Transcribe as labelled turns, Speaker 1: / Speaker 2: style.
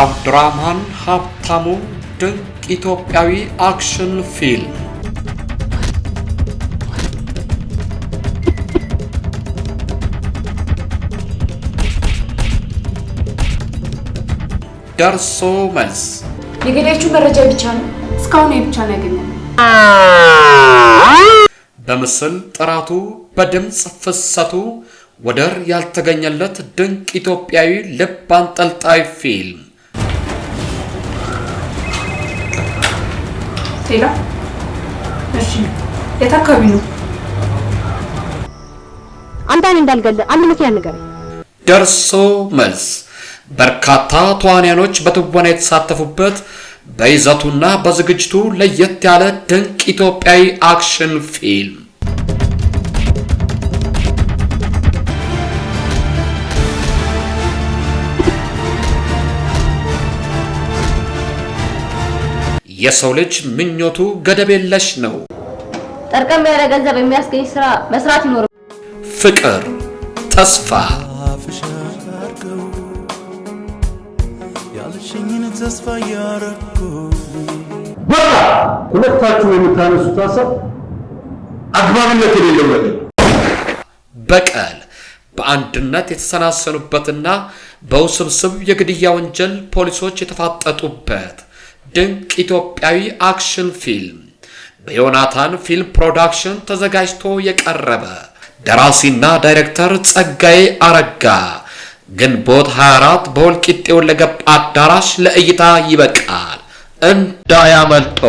Speaker 1: አብዱራህማን ሀብታሙ ድንቅ ኢትዮጵያዊ አክሽን ፊልም ደርሶ መልስ
Speaker 2: የገዳዮቹ መረጃ ብቻ ነው። እስካሁን ብቻ ነው ያገኘነው።
Speaker 1: በምስል ጥራቱ በድምፅ ፍሰቱ ወደር ያልተገኘለት ድንቅ ኢትዮጵያዊ ልብ አንጠልጣይ ፊልም
Speaker 2: ሌላ እሺ፣ የት አካባቢ ነው? እንዳልገለ አንድ
Speaker 1: ደርሶ መልስ በርካታ ተዋንያኖች በትወና የተሳተፉበት በይዘቱና በዝግጅቱ ለየት ያለ ድንቅ ኢትዮጵያዊ አክሽን ፊልም የሰው ልጅ ምኞቱ ገደብ የለሽ ነው።
Speaker 2: ጠርቀም ያለ ገንዘብ የሚያስገኝ ስራ መስራት ይኖር።
Speaker 1: ፍቅር፣ ተስፋ
Speaker 3: በቃ ሁለታችሁ የምታነሱት ሀሳብ አግባብነት የሌለው ነገር
Speaker 1: በቀል በአንድነት የተሰናሰሉበትና በውስብስብ የግድያ ወንጀል ፖሊሶች የተፋጠጡበት ድንቅ ኢትዮጵያዊ አክሽን ፊልም በዮናታን ፊልም ፕሮዳክሽን ተዘጋጅቶ የቀረበ ደራሲና ዳይሬክተር ጸጋዬ አረጋ ግንቦት 24 በወልቂጤ ወለገብ አዳራሽ ለእይታ ይበቃል። እንዳያመልጦ